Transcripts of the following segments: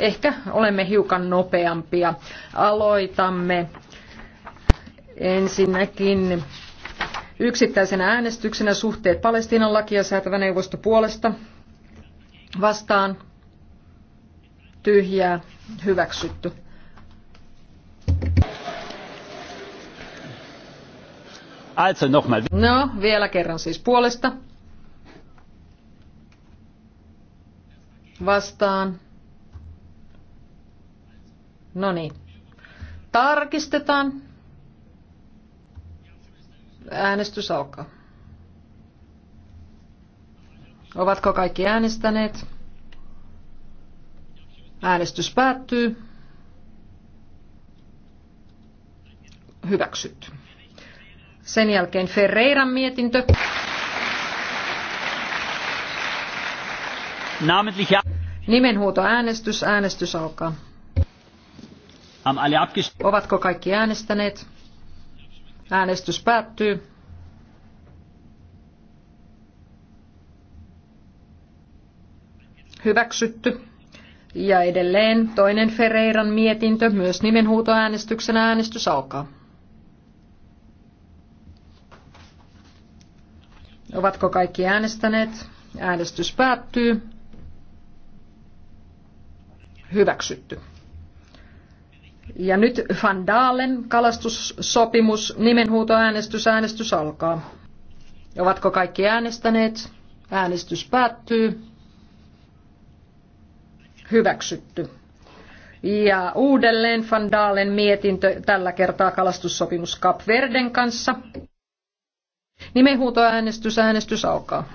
Ehkä olemme hiukan nopeampia. Aloitamme ensinnäkin yksittäisenä äänestyksenä suhteet Palestiinan lakia säätävä neuvosto puolesta vastaan tyhjää hyväksytty. No, vielä kerran siis puolesta. Vastaan. No niin. Tarkistetaan. Äänestys alkaa. Ovatko kaikki äänestäneet? Äänestys päättyy. Hyväksytty. Sen jälkeen Ferreiran mietintö. Nimenhuuto äänestys. Äänestys alkaa. Ovatko kaikki äänestäneet? Äänestys päättyy. Hyväksytty. Ja edelleen toinen Ferreiran mietintö, myös nimenhuutoäänestyksen äänestys alkaa. Ovatko kaikki äänestäneet? Äänestys päättyy. Hyväksytty. Ja nyt Van Dalen kalastussopimus, nimenhuutoäänestys, äänestys alkaa. Ovatko kaikki äänestäneet? Äänestys päättyy. Hyväksytty. Ja uudelleen Van Dalen mietintö, tällä kertaa kalastussopimus Cap Verden kanssa. Nimenhuutoäänestys, äänestys alkaa.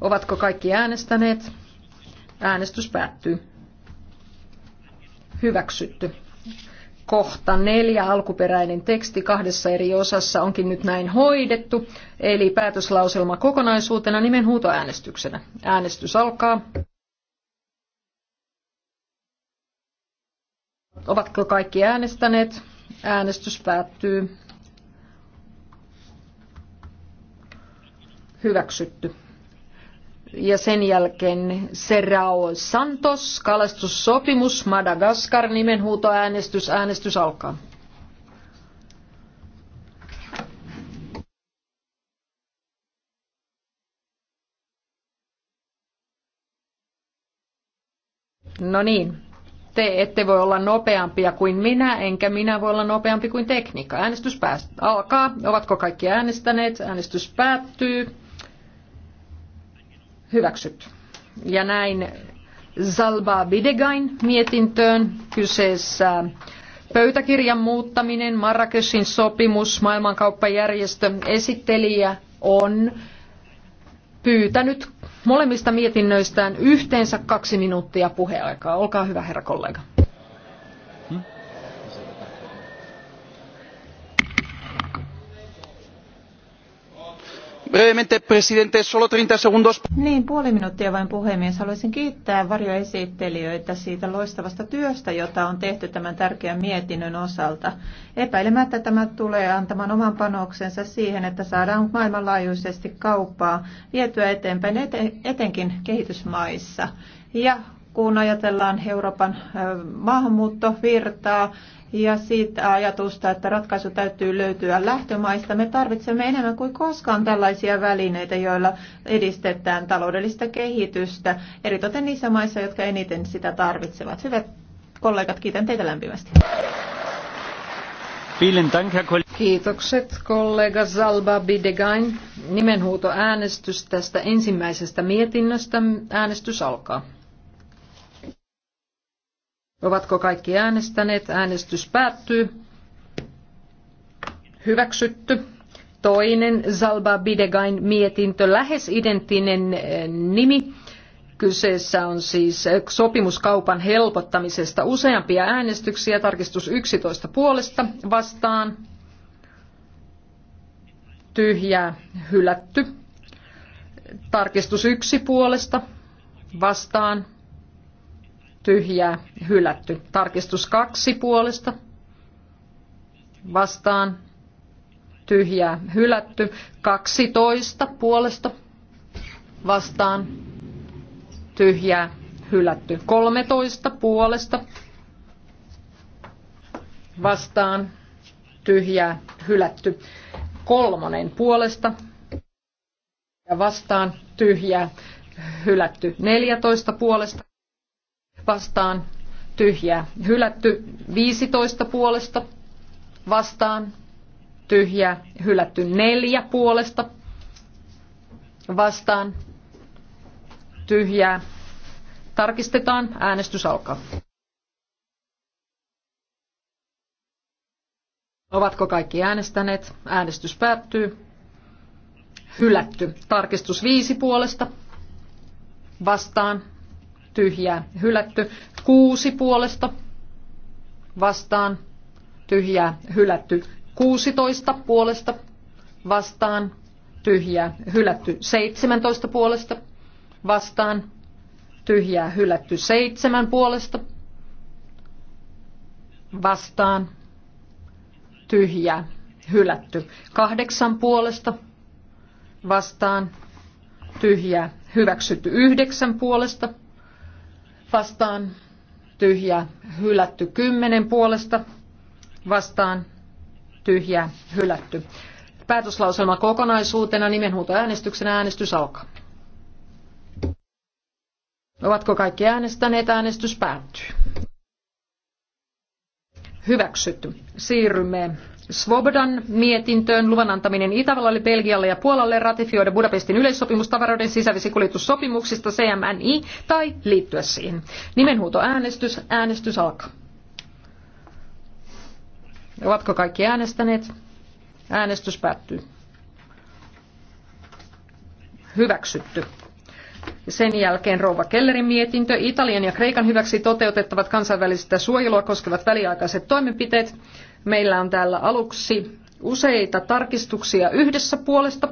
Ovatko kaikki äänestäneet? Äänestys päättyy. Hyväksytty. Kohta neljä alkuperäinen teksti kahdessa eri osassa onkin nyt näin hoidettu, eli päätöslauselma kokonaisuutena nimen huutoäänestyksenä. Äänestys alkaa. Ovatko kaikki äänestäneet? Äänestys päättyy. Hyväksytty ja sen jälkeen Serrao Santos, kalastussopimus, Madagaskar, nimenhuutoäänestys, äänestys alkaa. No niin, te ette voi olla nopeampia kuin minä, enkä minä voi olla nopeampi kuin tekniikka. Äänestys pääst- alkaa. Ovatko kaikki äänestäneet? Äänestys päättyy hyväksytty. Ja näin Zalba Bidegain mietintöön kyseessä pöytäkirjan muuttaminen, Marrakeshin sopimus, maailmankauppajärjestö, esittelijä on pyytänyt molemmista mietinnöistään yhteensä kaksi minuuttia puheaikaa. Olkaa hyvä, herra kollega. brevemente presidente solo treinta segundos. Niin, puoli minuuttia vain puhemies. Haluaisin kiittää varjoesittelijöitä siitä loistavasta työstä, jota on tehty tämän tärkeän mietinnön osalta. Epäilemättä tämä tulee antamaan oman panoksensa siihen, että saadaan maailmanlaajuisesti kauppaa vietyä eteenpäin etenkin kehitysmaissa. Ja kun ajatellaan Euroopan maahanmuuttovirtaa, ja siitä ajatusta, että ratkaisu täytyy löytyä lähtömaista. Me tarvitsemme enemmän kuin koskaan tällaisia välineitä, joilla edistetään taloudellista kehitystä, eritoten niissä maissa, jotka eniten sitä tarvitsevat. Hyvät kollegat, kiitän teitä lämpimästi. Kiitokset kollega Zalba Bidegain. Nimenhuuto äänestys tästä ensimmäisestä mietinnöstä. Äänestys alkaa. Ovatko kaikki äänestäneet? Äänestys päättyy. Hyväksytty. Toinen Zalba Bidegain mietintö, lähes identtinen eh, nimi. Kyseessä on siis eh, sopimuskaupan helpottamisesta useampia äänestyksiä, tarkistus 11 puolesta vastaan, tyhjää hylätty, tarkistus 1 puolesta vastaan, tyhjää, hylätty. Tarkistus kaksi puolesta, vastaan, tyhjää, hylätty. 12 puolesta, vastaan, tyhjää, hylätty. 13 puolesta, vastaan, tyhjää, hylätty. Kolmonen puolesta ja vastaan, tyhjää, hylätty. 14 puolesta vastaan tyhjää. Hylätty 15 puolesta vastaan tyhjää. Hylätty 4 puolesta vastaan tyhjää. Tarkistetaan. Äänestys alkaa. Ovatko kaikki äänestäneet? Äänestys päättyy. Hylätty. Tarkistus viisi puolesta. Vastaan tyhjää hylätty. Kuusi puolesta vastaan tyhjää hylätty. 16 puolesta vastaan tyhjää hylätty. 17 puolesta vastaan tyhjää hylätty. 7 puolesta vastaan tyhjää hylätty. 8 puolesta vastaan tyhjää hyväksytty. 9 puolesta vastaan tyhjä hylätty kymmenen puolesta vastaan tyhjä hylätty. Päätöslauselma kokonaisuutena nimenhuutoäänestyksenä äänestys alkaa. Ovatko kaikki äänestäneet? Äänestys päättyy. Hyväksytty. Siirrymme Svobodan mietintöön luvan antaminen Itävallalle, Belgialle ja Puolalle ratifioida Budapestin yleissopimus tavaroiden sisävesikuljetussopimuksista CMNI tai liittyä siihen. Nimenhuutoäänestys. Äänestys alkaa. Ovatko kaikki äänestäneet? Äänestys päättyy. Hyväksytty. Sen jälkeen Rouva Kellerin mietintö, Italian ja Kreikan hyväksi toteutettavat kansainvälistä suojelua koskevat väliaikaiset toimenpiteet. Meillä on täällä aluksi useita tarkistuksia yhdessä puolesta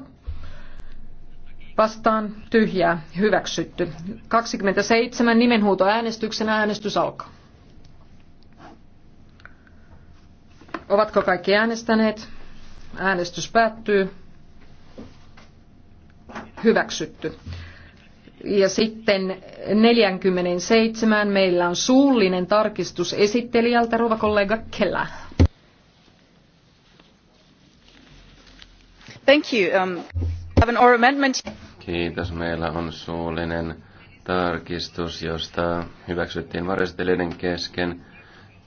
vastaan tyhjää hyväksytty. 27 nimenhuuto äänestyksen äänestys alkaa. Ovatko kaikki äänestäneet? Äänestys päättyy. Hyväksytty. Ja sitten 47 meillä on suullinen tarkistus esittelijältä, ruovakollega Kelä. Thank you. Um, have an oral amendment. Kiitos. Meillä on suullinen tarkistus, josta hyväksyttiin varjostelijoiden kesken.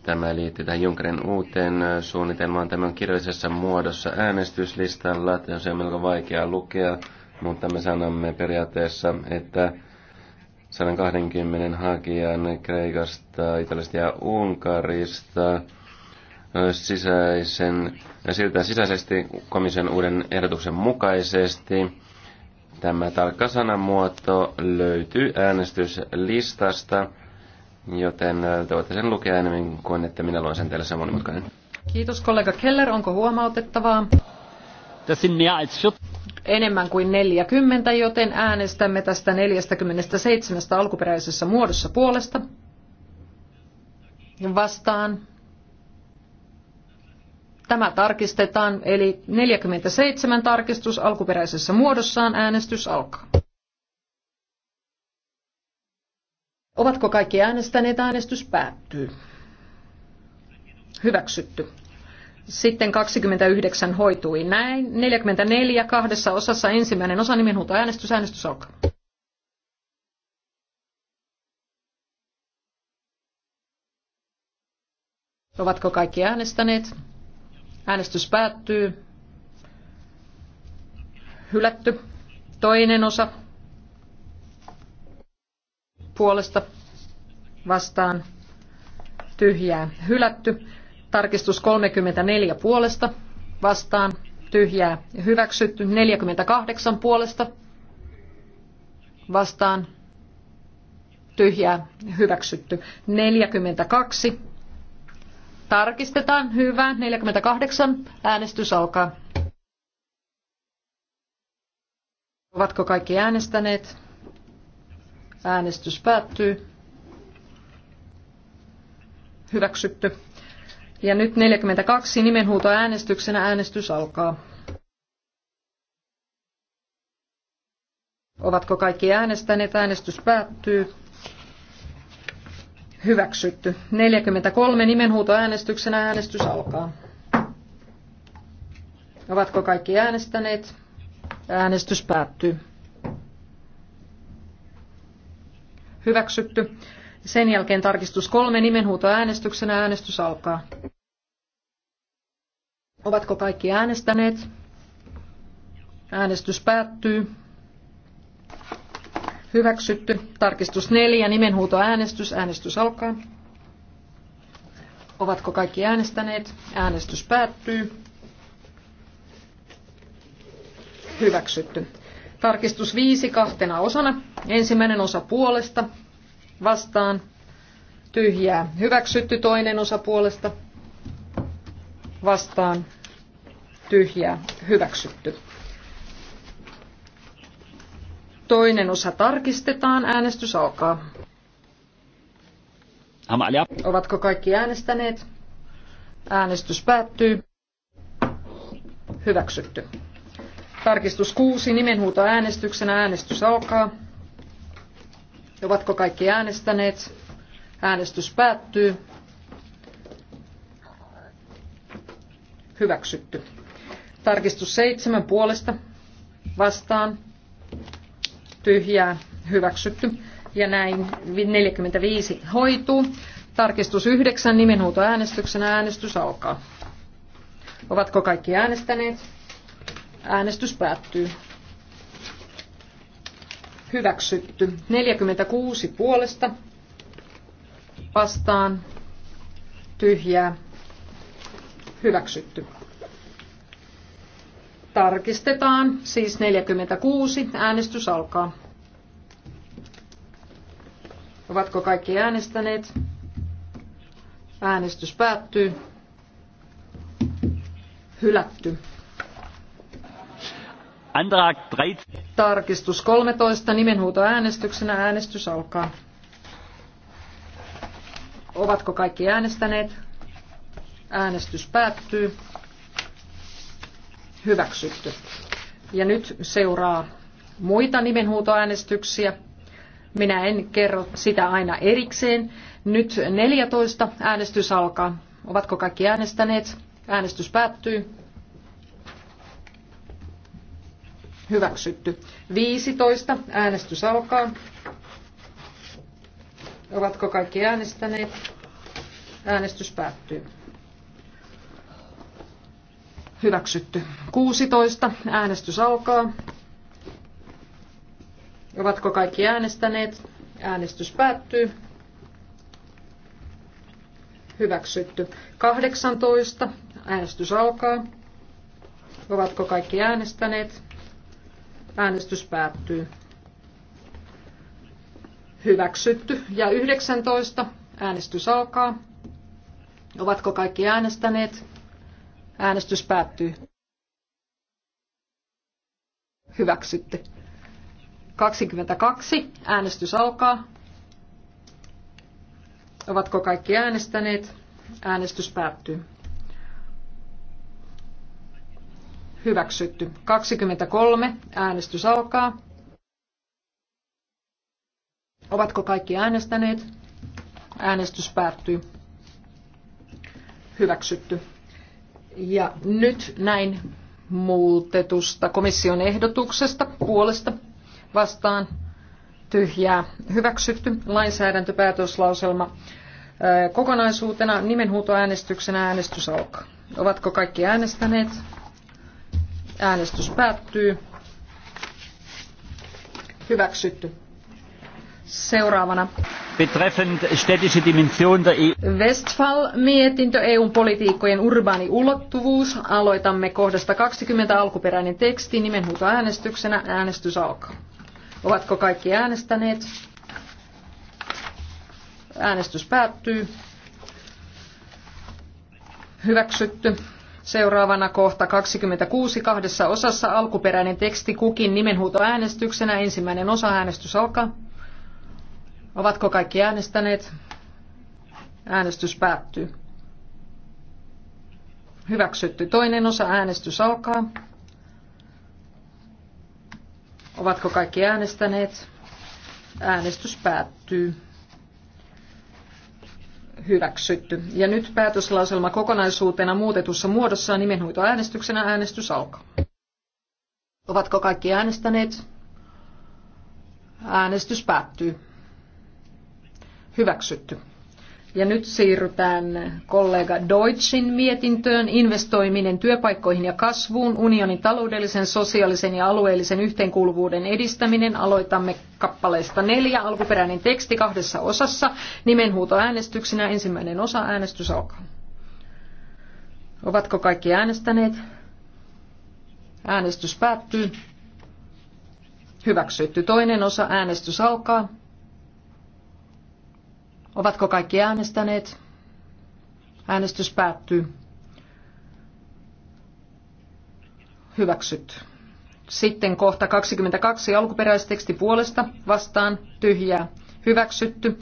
Tämä liittyy tähän Junkerin uuteen suunnitelmaan. Tämä on kirjallisessa muodossa äänestyslistalla. Se on melko vaikea lukea, mutta me sanomme periaatteessa, että 120 hakijan Kreikasta, Italiasta ja Unkarista – sisäisen, siirrytään sisäisesti komission uuden ehdotuksen mukaisesti. Tämä tarkka sanamuoto löytyy äänestyslistasta, joten te voitte sen lukea enemmän kuin että minä luen sen teille sen monimutkainen. Kiitos kollega Keller, onko huomautettavaa? enemmän kuin 40, joten äänestämme tästä 47 alkuperäisessä muodossa puolesta. Vastaan. Tämä tarkistetaan, eli 47 tarkistus alkuperäisessä muodossaan äänestys alkaa. Ovatko kaikki äänestäneet? Äänestys päättyy. Hyväksytty. Sitten 29 hoitui näin. 44 kahdessa osassa ensimmäinen osa nimenhuuto äänestys. Äänestys alkaa. Ovatko kaikki äänestäneet? Äänestys päättyy. Hylätty. Toinen osa. Puolesta vastaan tyhjää. Hylätty. Tarkistus 34 puolesta vastaan tyhjää. Hyväksytty 48 puolesta vastaan tyhjää. Hyväksytty 42 Tarkistetaan. Hyvä. 48. Äänestys alkaa. Ovatko kaikki äänestäneet? Äänestys päättyy. Hyväksytty. Ja nyt 42 nimenhuuto äänestyksenä äänestys alkaa. Ovatko kaikki äänestäneet? Äänestys päättyy. Hyväksytty. 43 nimenhuutoäänestyksenä äänestys alkaa. Ovatko kaikki äänestäneet? Äänestys päättyy. Hyväksytty. Sen jälkeen tarkistus kolme nimenhuutoäänestyksenä äänestys alkaa. Ovatko kaikki äänestäneet? Äänestys päättyy. Hyväksytty. Tarkistus neljä. Nimenhuutoäänestys. Äänestys alkaa. Ovatko kaikki äänestäneet? Äänestys päättyy. Hyväksytty. Tarkistus viisi kahtena osana. Ensimmäinen osa puolesta. Vastaan. Tyhjää. Hyväksytty toinen osa puolesta. Vastaan. Tyhjää. Hyväksytty. Toinen osa tarkistetaan. Äänestys alkaa. Ovatko kaikki äänestäneet? Äänestys päättyy. Hyväksytty. Tarkistus 6. Nimenhuuto äänestyksenä. Äänestys alkaa. Ovatko kaikki äänestäneet? Äänestys päättyy. Hyväksytty. Tarkistus 7 puolesta. Vastaan tyhjää hyväksytty ja näin 45 hoituu. Tarkistus 9 äänestyksenä äänestys alkaa. Ovatko kaikki äänestäneet? Äänestys päättyy. Hyväksytty. 46 puolesta. Vastaan. Tyhjää. Hyväksytty. Tarkistetaan, siis 46, äänestys alkaa. Ovatko kaikki äänestäneet? Äänestys päättyy. Hylätty. Antrag 13. Tarkistus 13. Nimenhuuto äänestyksenä. Äänestys alkaa. Ovatko kaikki äänestäneet? Äänestys päättyy hyväksytty. Ja nyt seuraa muita nimenhuutoäänestyksiä. Minä en kerro sitä aina erikseen. Nyt 14 äänestys alkaa. Ovatko kaikki äänestäneet? Äänestys päättyy. Hyväksytty. 15. Äänestys alkaa. Ovatko kaikki äänestäneet? Äänestys päättyy. Hyväksytty. 16. Äänestys alkaa. Ovatko kaikki äänestäneet? Äänestys päättyy. Hyväksytty. 18. Äänestys alkaa. Ovatko kaikki äänestäneet? Äänestys päättyy. Hyväksytty. Ja 19. Äänestys alkaa. Ovatko kaikki äänestäneet? Äänestys päättyy. Hyväksytty. 22. Äänestys alkaa. Ovatko kaikki äänestäneet? Äänestys päättyy. Hyväksytty. 23. Äänestys alkaa. Ovatko kaikki äänestäneet? Äänestys päättyy. Hyväksytty. Ja nyt näin muutetusta komission ehdotuksesta puolesta vastaan tyhjää hyväksytty lainsäädäntöpäätöslauselma. Kokonaisuutena nimenhuutoäänestyksenä äänestys alkaa. Ovatko kaikki äänestäneet? Äänestys päättyy. Hyväksytty seuraavana. Betreffend städtische Dimension der EU. Westfall-mietintö EUn politiikkojen urbaani ulottuvuus. Aloitamme kohdasta 20 alkuperäinen teksti nimenhuuto äänestyksenä. Äänestys alkaa. Ovatko kaikki äänestäneet? Äänestys päättyy. Hyväksytty. Seuraavana kohta 26 kahdessa osassa alkuperäinen teksti kukin nimenhuutoäänestyksenä. Ensimmäinen osa äänestys alkaa. Ovatko kaikki äänestäneet? Äänestys päättyy. Hyväksytty. Toinen osa äänestys alkaa. Ovatko kaikki äänestäneet? Äänestys päättyy. Hyväksytty. Ja nyt päätöslauselma kokonaisuutena muutetussa muodossa nimenhuitoäänestyksenä äänestys alkaa. Ovatko kaikki äänestäneet? Äänestys päättyy. Hyväksytty. Ja nyt siirrytään kollega Deutschin mietintöön investoiminen työpaikkoihin ja kasvuun, unionin taloudellisen, sosiaalisen ja alueellisen yhteenkuuluvuuden edistäminen. Aloitamme kappaleesta neljä, alkuperäinen teksti kahdessa osassa, nimenhuuto äänestyksinä, ensimmäinen osa äänestys alkaa. Ovatko kaikki äänestäneet? Äänestys päättyy. Hyväksytty toinen osa, äänestys alkaa. Ovatko kaikki äänestäneet? Äänestys päättyy. Hyväksyt. Sitten kohta 22 alkuperäisteksti puolesta vastaan tyhjää. Hyväksytty.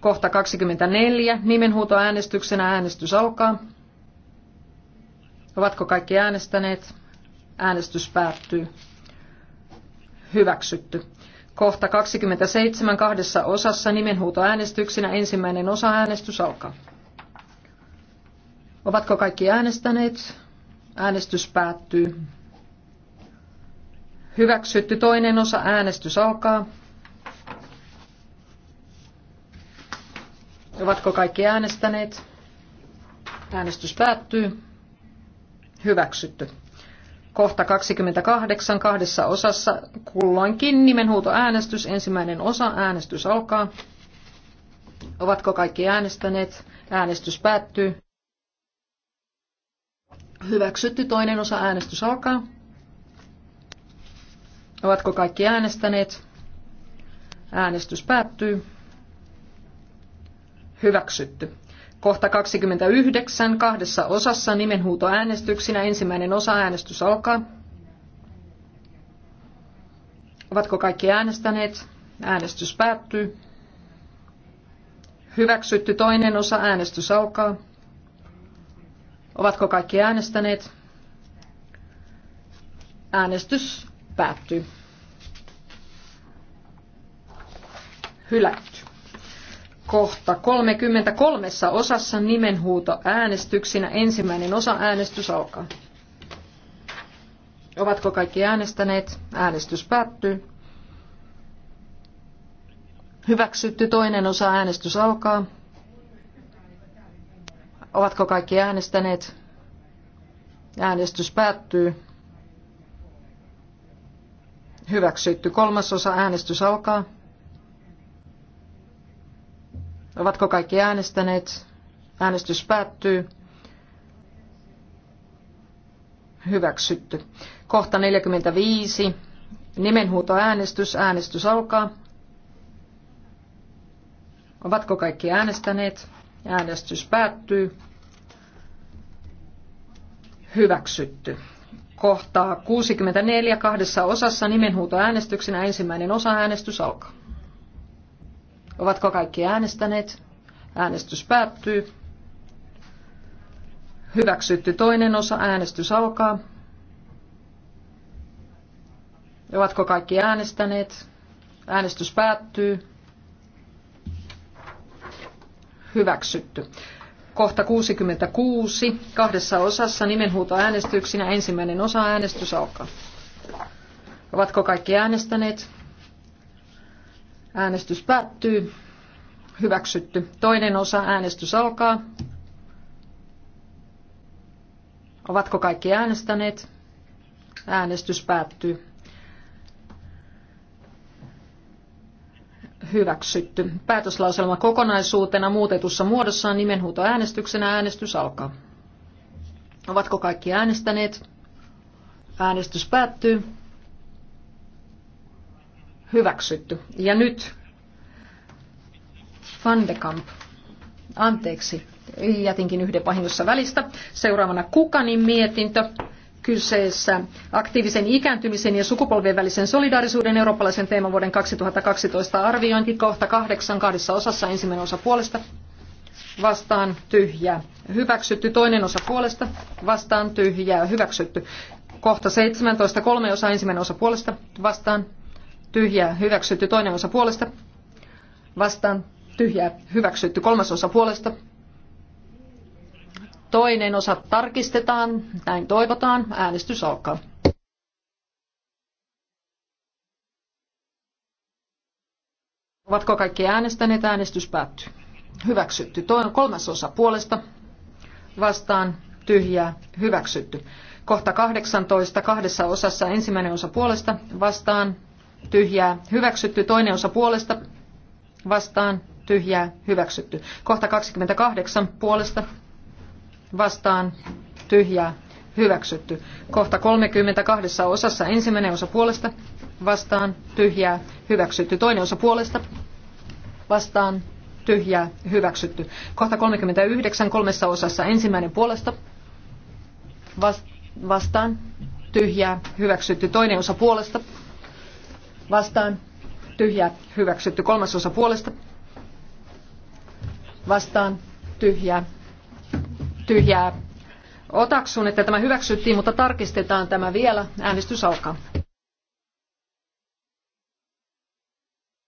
Kohta 24 nimenhuutoäänestyksenä äänestys alkaa. Ovatko kaikki äänestäneet? Äänestys päättyy. Hyväksytty. Kohta 27 kahdessa osassa nimenhuutoäänestyksinä ensimmäinen osa äänestys alkaa. Ovatko kaikki äänestäneet? Äänestys päättyy. Hyväksytty toinen osa äänestys alkaa. Ovatko kaikki äänestäneet? Äänestys päättyy. Hyväksytty. Kohta 28 kahdessa osassa kulloinkin nimenhuutoäänestys. Ensimmäinen osa äänestys alkaa. Ovatko kaikki äänestäneet? Äänestys päättyy. Hyväksytty toinen osa äänestys alkaa. Ovatko kaikki äänestäneet? Äänestys päättyy. Hyväksytty. Kohta 29 kahdessa osassa nimenhuutoäänestyksinä. Ensimmäinen osa äänestys alkaa. Ovatko kaikki äänestäneet? Äänestys päättyy. Hyväksytty toinen osa äänestys alkaa. Ovatko kaikki äänestäneet? Äänestys päättyy. Hylätty kohta 33 osassa nimenhuuto äänestyksinä. Ensimmäinen osa äänestys alkaa. Ovatko kaikki äänestäneet? Äänestys päättyy. Hyväksytty toinen osa äänestys alkaa. Ovatko kaikki äänestäneet? Äänestys päättyy. Hyväksytty kolmas osa äänestys alkaa. Ovatko kaikki äänestäneet? Äänestys päättyy. Hyväksytty. Kohta 45. Nimenhuutoäänestys. Äänestys alkaa. Ovatko kaikki äänestäneet? Äänestys päättyy. Hyväksytty. Kohtaa 64 kahdessa osassa nimenhuutoäänestyksenä ensimmäinen osa äänestys alkaa. Ovatko kaikki äänestäneet? Äänestys päättyy. Hyväksytty toinen osa. Äänestys alkaa. Ovatko kaikki äänestäneet? Äänestys päättyy. Hyväksytty. Kohta 66. Kahdessa osassa nimenhuuto äänestyksinä. Ensimmäinen osa äänestys alkaa. Ovatko kaikki äänestäneet? Äänestys päättyy. Hyväksytty. Toinen osa. Äänestys alkaa. Ovatko kaikki äänestäneet? Äänestys päättyy. Hyväksytty. Päätöslauselma kokonaisuutena muutetussa muodossaan nimenhuutoäänestyksenä äänestys alkaa. Ovatko kaikki äänestäneet? Äänestys päättyy hyväksytty. Ja nyt Van de Kamp, anteeksi, jätinkin yhden vahingossa välistä. Seuraavana Kukanin mietintö kyseessä aktiivisen ikääntymisen ja sukupolvien välisen solidaarisuuden eurooppalaisen teemavuoden 2012 arviointi kohta kahdeksan kahdessa osassa ensimmäinen osa puolesta vastaan tyhjää hyväksytty toinen osa puolesta vastaan tyhjää hyväksytty kohta 17 kolme osa ensimmäinen osa puolesta vastaan tyhjää hyväksytty toinen osa puolesta, vastaan tyhjää hyväksytty kolmas osa puolesta, toinen osa tarkistetaan, näin toivotaan, äänestys alkaa. Ovatko kaikki äänestäneet? Äänestys päättyy. Hyväksytty. Toinen kolmas osa puolesta. Vastaan tyhjää. Hyväksytty. Kohta 18. Kahdessa osassa ensimmäinen osa puolesta. Vastaan tyhjää, hyväksytty. Toinen osa puolesta, vastaan, tyhjää, hyväksytty. Kohta 28 puolesta, vastaan, tyhjää, hyväksytty. Kohta 32 osassa ensimmäinen osa puolesta, vastaan, tyhjää, hyväksytty. Toinen osa puolesta, vastaan, tyhjää, hyväksytty. Kohta 39 kolmessa osassa ensimmäinen puolesta, vastaan, tyhjää, hyväksytty. Toinen osa puolesta, vastaan, tyhjää, hyväksytty. Kolmasosa puolesta, vastaan, tyhjää, tyhjää. Otaksun, että tämä hyväksyttiin, mutta tarkistetaan tämä vielä. Äänestys alkaa.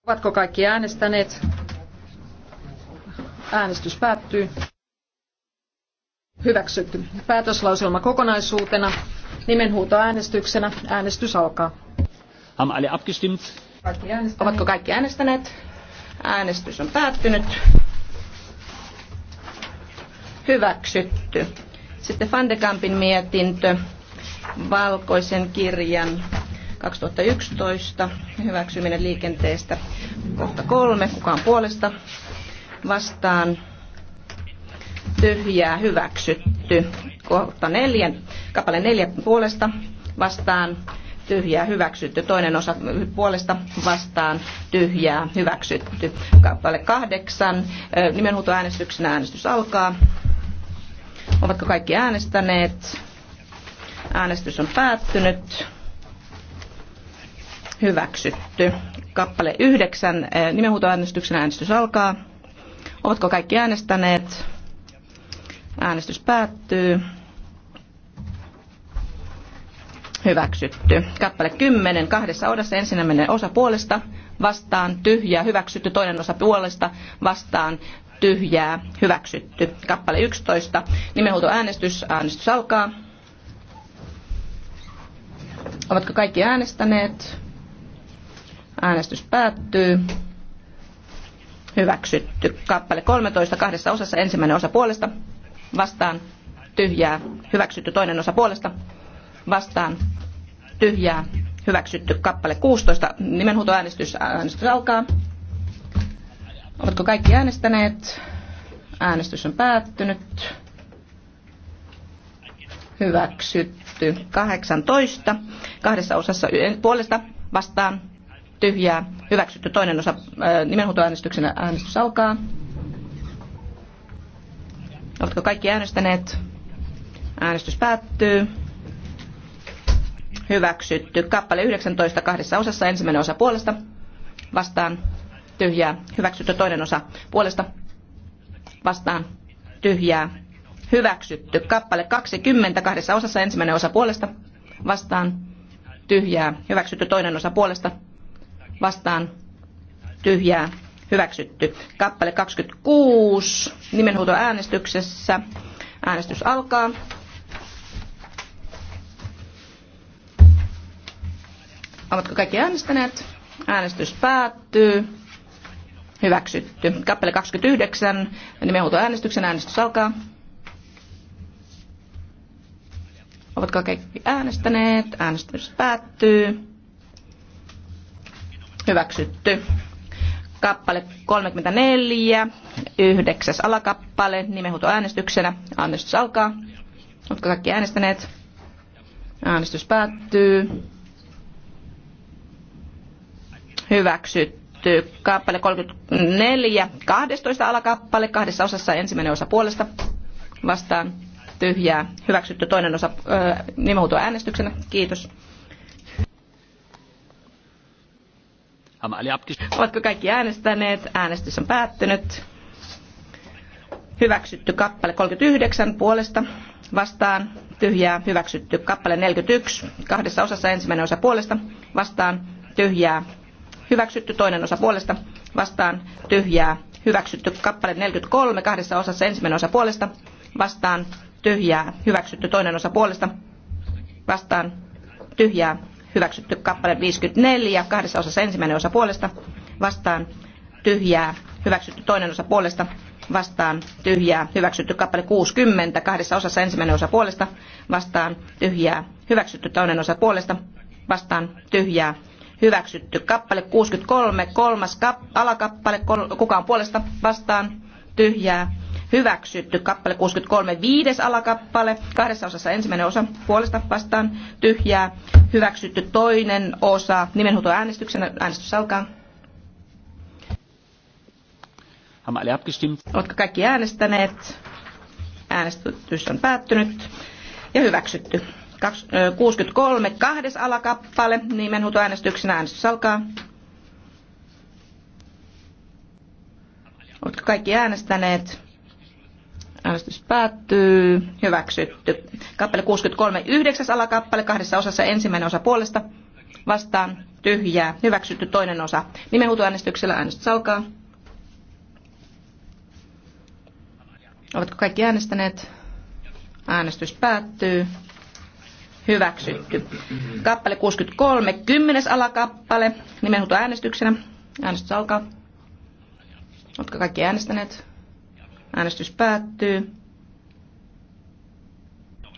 Ovatko kaikki äänestäneet? Äänestys päättyy. Hyväksytty. Päätöslauselma kokonaisuutena. äänestyksenä. Äänestys alkaa. Haben alle abgestimmt? Ovatko kaikki äänestäneet? Äänestys on päättynyt. Hyväksytty. Sitten Van de Kampin mietintö valkoisen kirjan 2011 hyväksyminen liikenteestä kohta kolme. Kukaan puolesta vastaan tyhjää hyväksytty. Kohta neljä, kappale neljä puolesta vastaan tyhjää hyväksytty. Toinen osa puolesta vastaan tyhjää hyväksytty. Kappale kahdeksan. Nimenhuutoäänestyksen äänestys alkaa. Ovatko kaikki äänestäneet? Äänestys on päättynyt. Hyväksytty. Kappale yhdeksän. Nimenhuutoäänestyksen äänestys alkaa. Ovatko kaikki äänestäneet? Äänestys päättyy hyväksytty. Kappale 10, kahdessa odassa ensimmäinen osa puolesta, vastaan tyhjää, hyväksytty, toinen osa puolesta, vastaan tyhjää, hyväksytty. Kappale 11, nimenhuutoäänestys, äänestys alkaa. Ovatko kaikki äänestäneet? Äänestys päättyy. Hyväksytty. Kappale 13, kahdessa osassa ensimmäinen osa puolesta, vastaan tyhjää, hyväksytty toinen osa puolesta, vastaan tyhjää hyväksytty kappale 16. Nimenhuutoäänestys äänestys alkaa. Ovatko kaikki äänestäneet? Äänestys on päättynyt. Hyväksytty 18. Kahdessa osassa puolesta vastaan tyhjää. Hyväksytty toinen osa nimenhuutoäänestyksenä äänestys alkaa. ovatko kaikki äänestäneet? Äänestys päättyy hyväksytty. Kappale 19 kahdessa osassa, ensimmäinen osa puolesta, vastaan, tyhjää, hyväksytty. Toinen osa puolesta, vastaan, tyhjää, hyväksytty. Kappale 20 kahdessa osassa, ensimmäinen osa puolesta, vastaan, tyhjää, hyväksytty. Toinen osa puolesta, vastaan, tyhjää, hyväksytty. Kappale 26 nimenhuutoäänestyksessä. Äänestys alkaa. Ovatko kaikki äänestäneet? Äänestys päättyy. Hyväksytty. Kappale 29. huuto äänestyksen. Äänestys alkaa. Ovatko kaikki äänestäneet? Äänestys päättyy. Hyväksytty. Kappale 34. Yhdeksäs alakappale. Nimenhuuto äänestyksenä. Äänestys alkaa. Ovatko kaikki äänestäneet? Äänestys päättyy hyväksytty. Kappale 34, 12 alakappale, kahdessa osassa ensimmäinen osa puolesta vastaan tyhjää. Hyväksytty toinen osa äh, nimenhuutoa äänestyksenä. Kiitos. Ovatko kaikki äänestäneet? Äänestys on päättynyt. Hyväksytty kappale 39 puolesta vastaan tyhjää. Hyväksytty kappale 41 kahdessa osassa ensimmäinen osa puolesta vastaan tyhjää hyväksytty, toinen osa puolesta vastaan tyhjää, hyväksytty kappale 43 kahdessa osassa ensimmäinen osa puolesta vastaan tyhjää, hyväksytty toinen osa puolesta vastaan tyhjää, hyväksytty kappale 54 kahdessa osassa ensimmäinen osa puolesta vastaan tyhjää, hyväksytty toinen osa puolesta vastaan tyhjää, hyväksytty kappale 60 kahdessa osassa ensimmäinen osa puolesta vastaan tyhjää, hyväksytty toinen osa puolesta vastaan tyhjää, hyväksytty. Kappale 63, kolmas kap, alakappale, kol, kukaan puolesta vastaan tyhjää hyväksytty. Kappale 63, viides alakappale, kahdessa osassa ensimmäinen osa puolesta vastaan tyhjää hyväksytty. Toinen osa nimenhuuto äänestyksenä. Äänestys alkaa. Haben alle abgestimmt? Oletko kaikki äänestäneet? Äänestys on päättynyt ja hyväksytty. 63, kahdes alakappale, nimenhuutoäänestyksenä äänestys alkaa. Oletko kaikki äänestäneet? Äänestys päättyy. Hyväksytty. Kappale 63, yhdeksäs alakappale, kahdessa osassa ensimmäinen osa puolesta. Vastaan tyhjää. Hyväksytty toinen osa. Nimenhuutoäänestyksellä äänestys alkaa. Ovatko kaikki äänestäneet? Äänestys päättyy hyväksytty. Kappale 63, kymmenes alakappale, nimenhuuto äänestyksenä. Äänestys alkaa. Oletko kaikki äänestäneet? Äänestys päättyy.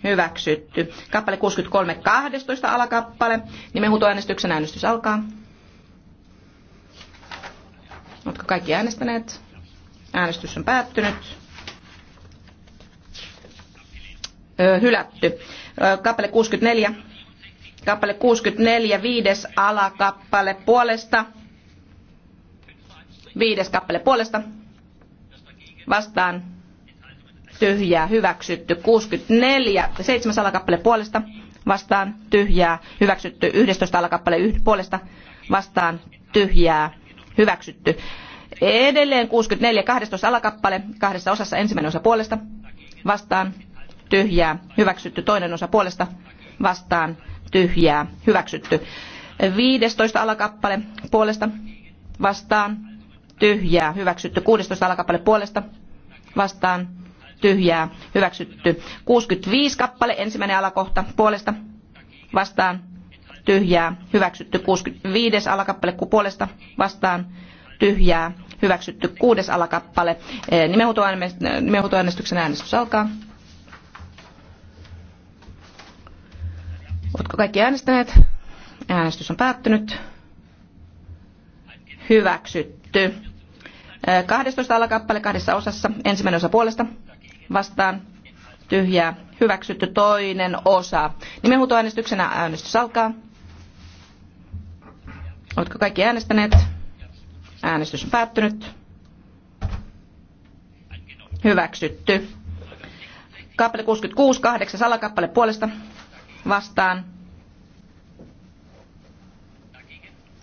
Hyväksytty. Kappale 63, 12 alakappale. Nimenhuutoäänestyksen äänestys alkaa. Oletko kaikki äänestäneet? Äänestys on päättynyt. hylätty. Kappale 64, kappale 64, viides alakappale puolesta, viides kappale puolesta, vastaan tyhjää hyväksytty 64, seitsemäs alakappale puolesta, vastaan tyhjää hyväksytty 11 alakappale puolesta, vastaan tyhjää hyväksytty. Edelleen 64, 12 alakappale, kahdessa osassa ensimmäinen osa puolesta, vastaan tyhjää, hyväksytty. Toinen osa puolesta vastaan tyhjää, hyväksytty. 15 alakappale puolesta vastaan tyhjää, hyväksytty. 16 alakappale puolesta vastaan tyhjää, hyväksytty. 65 kappale ensimmäinen alakohta puolesta vastaan tyhjää, hyväksytty. 65 alakappale puolesta vastaan tyhjää, hyväksytty. Kuudes alakappale. Eh, nimenhuutoäänestyksen äänestys alkaa. Oletko kaikki äänestäneet? Äänestys on päättynyt. Hyväksytty. 12 alakappale kahdessa osassa. Ensimmäinen osa puolesta. Vastaan. Tyhjää. Hyväksytty toinen osa. Nimenhuutoäänestyksenä äänestys alkaa. Oletko kaikki äänestäneet? Äänestys on päättynyt. Hyväksytty. Kappale 66, kahdeksas alakappale puolesta vastaan.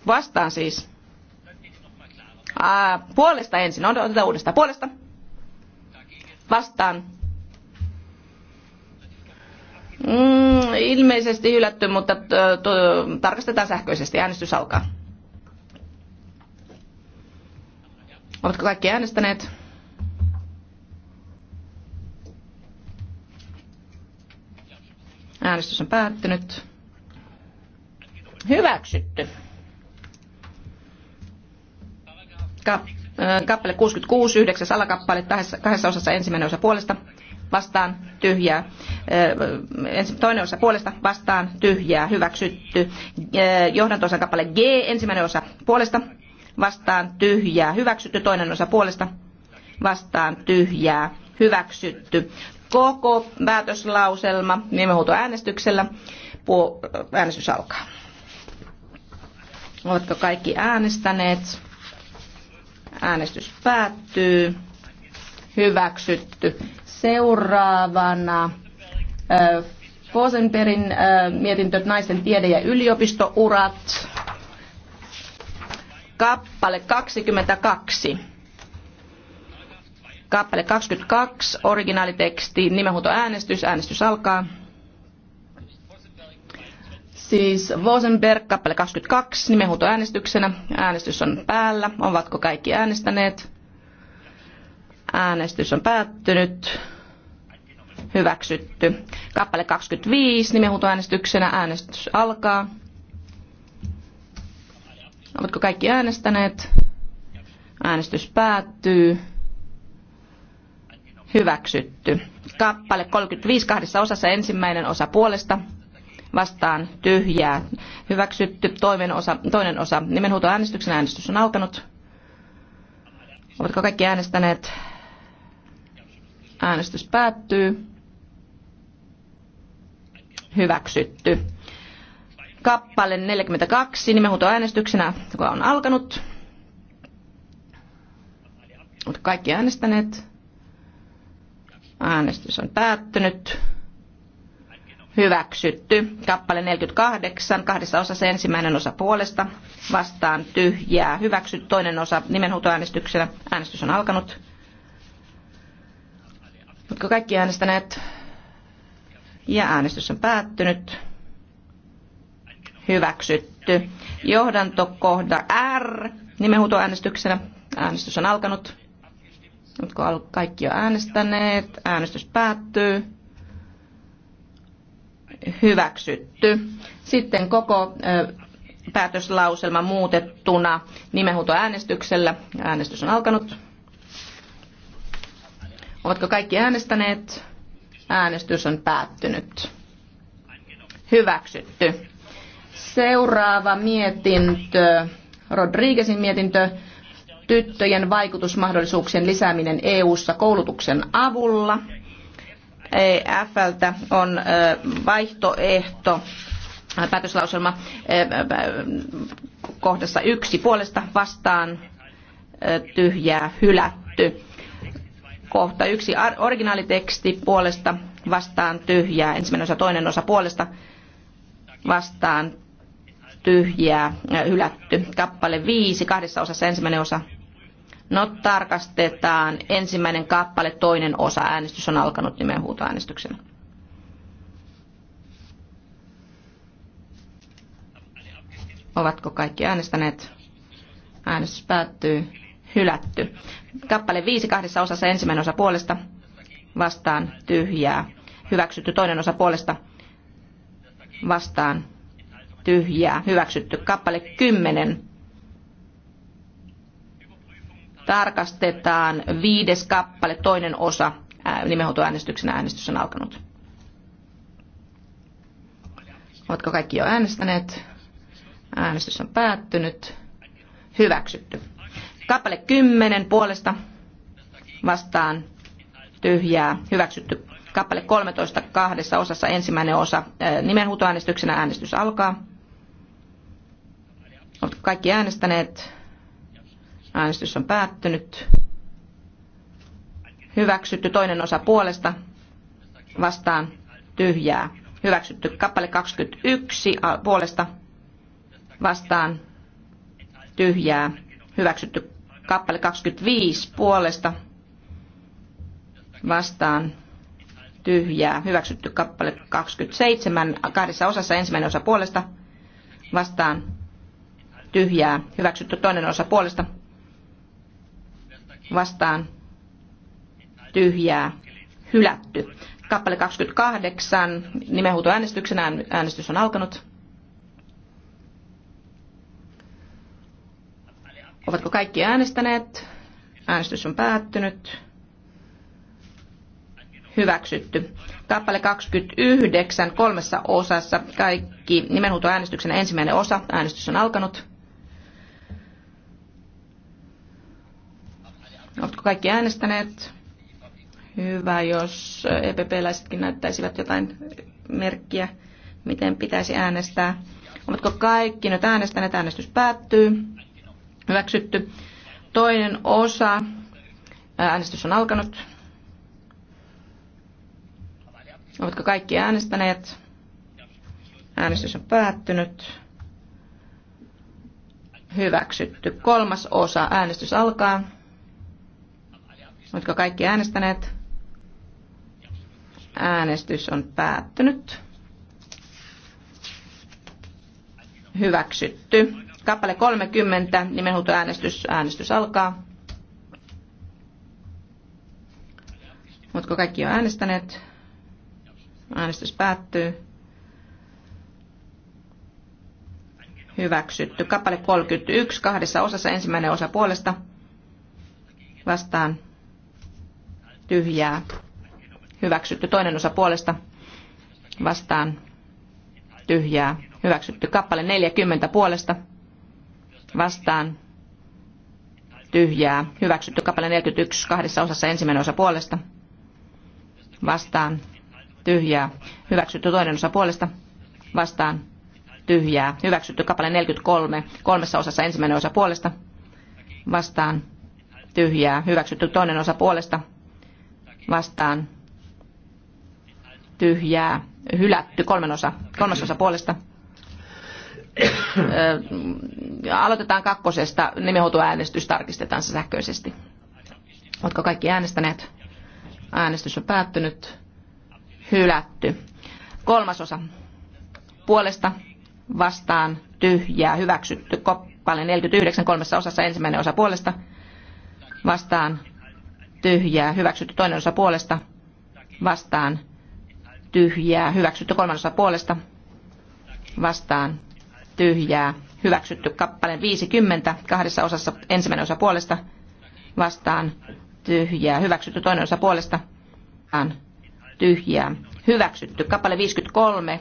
Vastaan siis. Aa, puolesta ensin. Otetaan uudestaan. Puolesta. Vastaan. Mm, ilmeisesti hylätty, mutta tarkastetaan sähköisesti. Äänestys alkaa. Ovatko kaikki äänestäneet? Äänestys on päättynyt. Hyväksytty. Ka- äh, kappale 66, 9 alakappale, kahdessa osassa ensimmäinen osa puolesta, vastaan tyhjää. Äh, toinen osa puolesta, vastaan tyhjää, hyväksytty. Äh, Johdantosan kappale G, ensimmäinen osa puolesta, vastaan tyhjää, hyväksytty. Toinen osa puolesta, vastaan tyhjää, hyväksytty koko päätöslauselma nimenhuutoäänestyksellä. Äänestys alkaa. Oletko kaikki äänestäneet? Äänestys päättyy. Hyväksytty. Seuraavana Fosenperin mietintö naisten tiede- ja yliopistourat. Kappale 22. Kappale 22, originaaliteksti, nimenhuutoäänestys, äänestys alkaa. Siis Vosenberg, kappale 22, nimenhuutoäänestyksenä. Äänestys on päällä. Ovatko kaikki äänestäneet? Äänestys on päättynyt. Hyväksytty. Kappale 25, nimenhuutoäänestyksenä. Äänestys alkaa. Ovatko kaikki äänestäneet? Äänestys päättyy hyväksytty. Kappale 35 kahdessa osassa ensimmäinen osa puolesta vastaan tyhjää hyväksytty. Toinen osa, toinen osa nimenhuutoäänestyksen äänestys on alkanut. Ovatko kaikki äänestäneet? Äänestys päättyy. Hyväksytty. Kappale 42 nimenhuutoäänestyksenä, joka on alkanut. ovatko kaikki äänestäneet? Äänestys on päättynyt. Hyväksytty. Kappale 48, kahdessa osassa ensimmäinen osa puolesta. Vastaan tyhjää. Hyväksytty toinen osa nimenhuutoäänestyksellä. Äänestys on alkanut. Oletko kaikki äänestäneet? Ja äänestys on päättynyt. Hyväksytty. Johdantokohda R. Nimenhuutoäänestyksellä. Äänestys on alkanut kun kaikki jo äänestäneet? Äänestys päättyy. Hyväksytty. Sitten koko päätöslauselma muutettuna nimenhuutoäänestyksellä. Äänestys on alkanut. Ovatko kaikki äänestäneet? Äänestys on päättynyt. Hyväksytty. Seuraava mietintö, Rodriguezin mietintö tyttöjen vaikutusmahdollisuuksien lisääminen EU-ssa koulutuksen avulla. EFLtä on vaihtoehto äh, päätöslauselma kohdassa yksi puolesta vastaan tyhjää hylätty. Kohta yksi originaaliteksti puolesta vastaan tyhjää, ensimmäinen osa toinen osa puolesta vastaan tyhjää hylätty. Kappale viisi kahdessa osassa ensimmäinen osa No tarkastetaan ensimmäinen kappale, toinen osa. Äänestys on alkanut nimenhuutoäänestyksenä. Ovatko kaikki äänestäneet? Äänestys päättyy. Hylätty. Kappale viisi kahdessa osassa ensimmäinen osa puolesta. Vastaan tyhjää. Hyväksytty toinen osa puolesta. Vastaan tyhjää. Hyväksytty. Kappale kymmenen Tarkastetaan viides kappale, toinen osa. Nimenhuutoäänestyksen äänestys on alkanut. Oletko kaikki jo äänestäneet? Äänestys on päättynyt. Hyväksytty. Kappale 10 puolesta vastaan tyhjää. Hyväksytty. Kappale 13 kahdessa osassa ensimmäinen osa. Nimenhuutoäänestyksenä äänestys alkaa. Oletko kaikki äänestäneet? Äänestys on päättynyt. Hyväksytty toinen osa puolesta. Vastaan tyhjää. Hyväksytty kappale 21 puolesta. Vastaan tyhjää. Hyväksytty kappale 25 puolesta. Vastaan tyhjää. Hyväksytty kappale 27 kahdessa osassa ensimmäinen osa puolesta. Vastaan tyhjää. Hyväksytty toinen osa puolesta vastaan tyhjää hylätty. Kappale 28, nimenhuutoäänestyksen äänestys on alkanut. Ovatko kaikki äänestäneet? Äänestys on päättynyt. Hyväksytty. Kappale 29 kolmessa osassa. Kaikki nimenhuutoäänestyksen ensimmäinen osa. Äänestys on alkanut. Oletko kaikki äänestäneet? Hyvä, jos EPP-läisetkin näyttäisivät jotain merkkiä, miten pitäisi äänestää. Oletko kaikki nyt äänestäneet? Äänestys päättyy. Hyväksytty. Toinen osa. Äänestys on alkanut. Oletko kaikki äänestäneet? Äänestys on päättynyt. Hyväksytty. Kolmas osa. Äänestys alkaa. Oletko kaikki äänestäneet? Äänestys on päättynyt. Hyväksytty. Kappale 30, nimenhuutoäänestys. Äänestys alkaa. Oletko kaikki jo äänestäneet? Äänestys päättyy. Hyväksytty. Kappale 31, kahdessa osassa ensimmäinen osa puolesta. Vastaan tyhjää hyväksytty. Toinen osa puolesta vastaan tyhjää hyväksytty. Kappale 40 puolesta vastaan tyhjää hyväksytty. Kappale 41 kahdessa osassa ensimmäinen osa puolesta vastaan tyhjää hyväksytty. Toinen osa puolesta vastaan tyhjää hyväksytty. Kappale 43 kolmessa osassa ensimmäinen osa puolesta vastaan tyhjää hyväksytty. Toinen osa puolesta vastaan tyhjää hylätty kolmenosa, kolmasosa puolesta. Aloitetaan kakkosesta, äänestys tarkistetaan se sähköisesti. Oletko kaikki äänestäneet? Äänestys on päättynyt. Hylätty. Kolmasosa puolesta vastaan tyhjää hyväksytty. Koppale 49 kolmessa osassa ensimmäinen osa puolesta vastaan tyhjää, hyväksytty toinen osa puolesta, vastaan, tyhjää, hyväksytty kolmas osa puolesta, vastaan, tyhjää, hyväksytty kappale 50, kahdessa osassa ensimmäinen osa puolesta, vastaan, tyhjää, hyväksytty toinen osa puolesta, vastaan, tyhjää, hyväksytty kappale 53,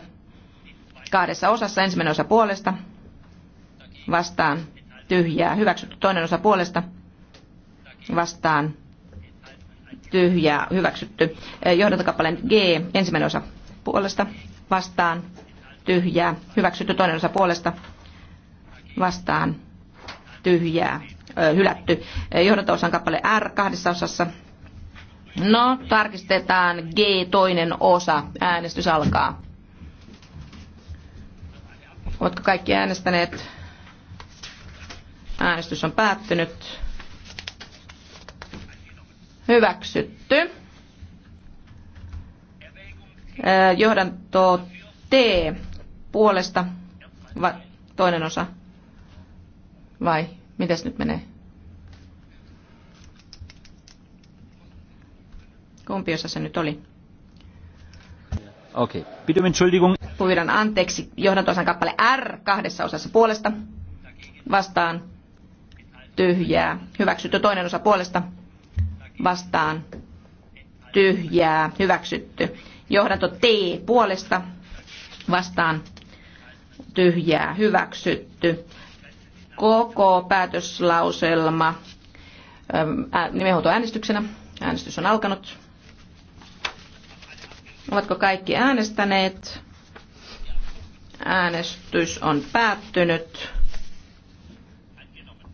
kahdessa osassa ensimmäinen osa puolesta, vastaan, tyhjää, hyväksytty toinen osa puolesta, vastaan, tyhjää hyväksytty. Eh, johdantokappaleen G, ensimmäinen osa puolesta, vastaan, tyhjää, hyväksytty toinen osa puolesta, vastaan, tyhjää, hylätty. Eh, johdanto kappale R kahdessa osassa. No, tarkistetaan G toinen osa. Äänestys alkaa. Oletko kaikki äänestäneet? Äänestys on päättynyt. Hyväksytty. Johdanto T puolesta. Va, toinen osa. Vai mitäs nyt menee? Kumpi osa se nyt oli? Okei. Okay. Pidem entschuldigung. Pyydän anteeksi. Johdantosan kappale R kahdessa osassa puolesta. Vastaan. Tyhjää. Hyväksytty toinen osa puolesta vastaan tyhjää hyväksytty. Johdanto T puolesta vastaan tyhjää hyväksytty. Koko päätöslauselma ähm, nimenhuutoäänestyksenä. Äänestys on alkanut. Ovatko kaikki äänestäneet? Äänestys on päättynyt.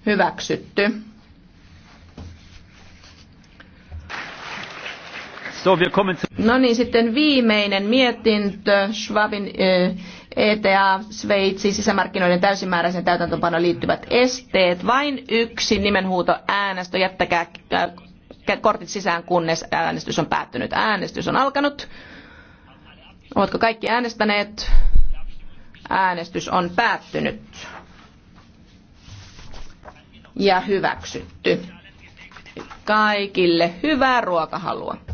Hyväksytty. So, wir kommen zu... No niin, sitten viimeinen mietintö Schwabin ETA, eh, e Sveitsi, sisämarkkinoiden täysimääräisen täytäntöpanoon liittyvät esteet. Vain yksi nimenhuuto äänestö. Jättäkää kortit sisään, kunnes äänestys on päättynyt. Äänestys on alkanut. Ovatko kaikki äänestäneet? Äänestys on päättynyt ja hyväksytty. Kaikille hyvää ruokahalua.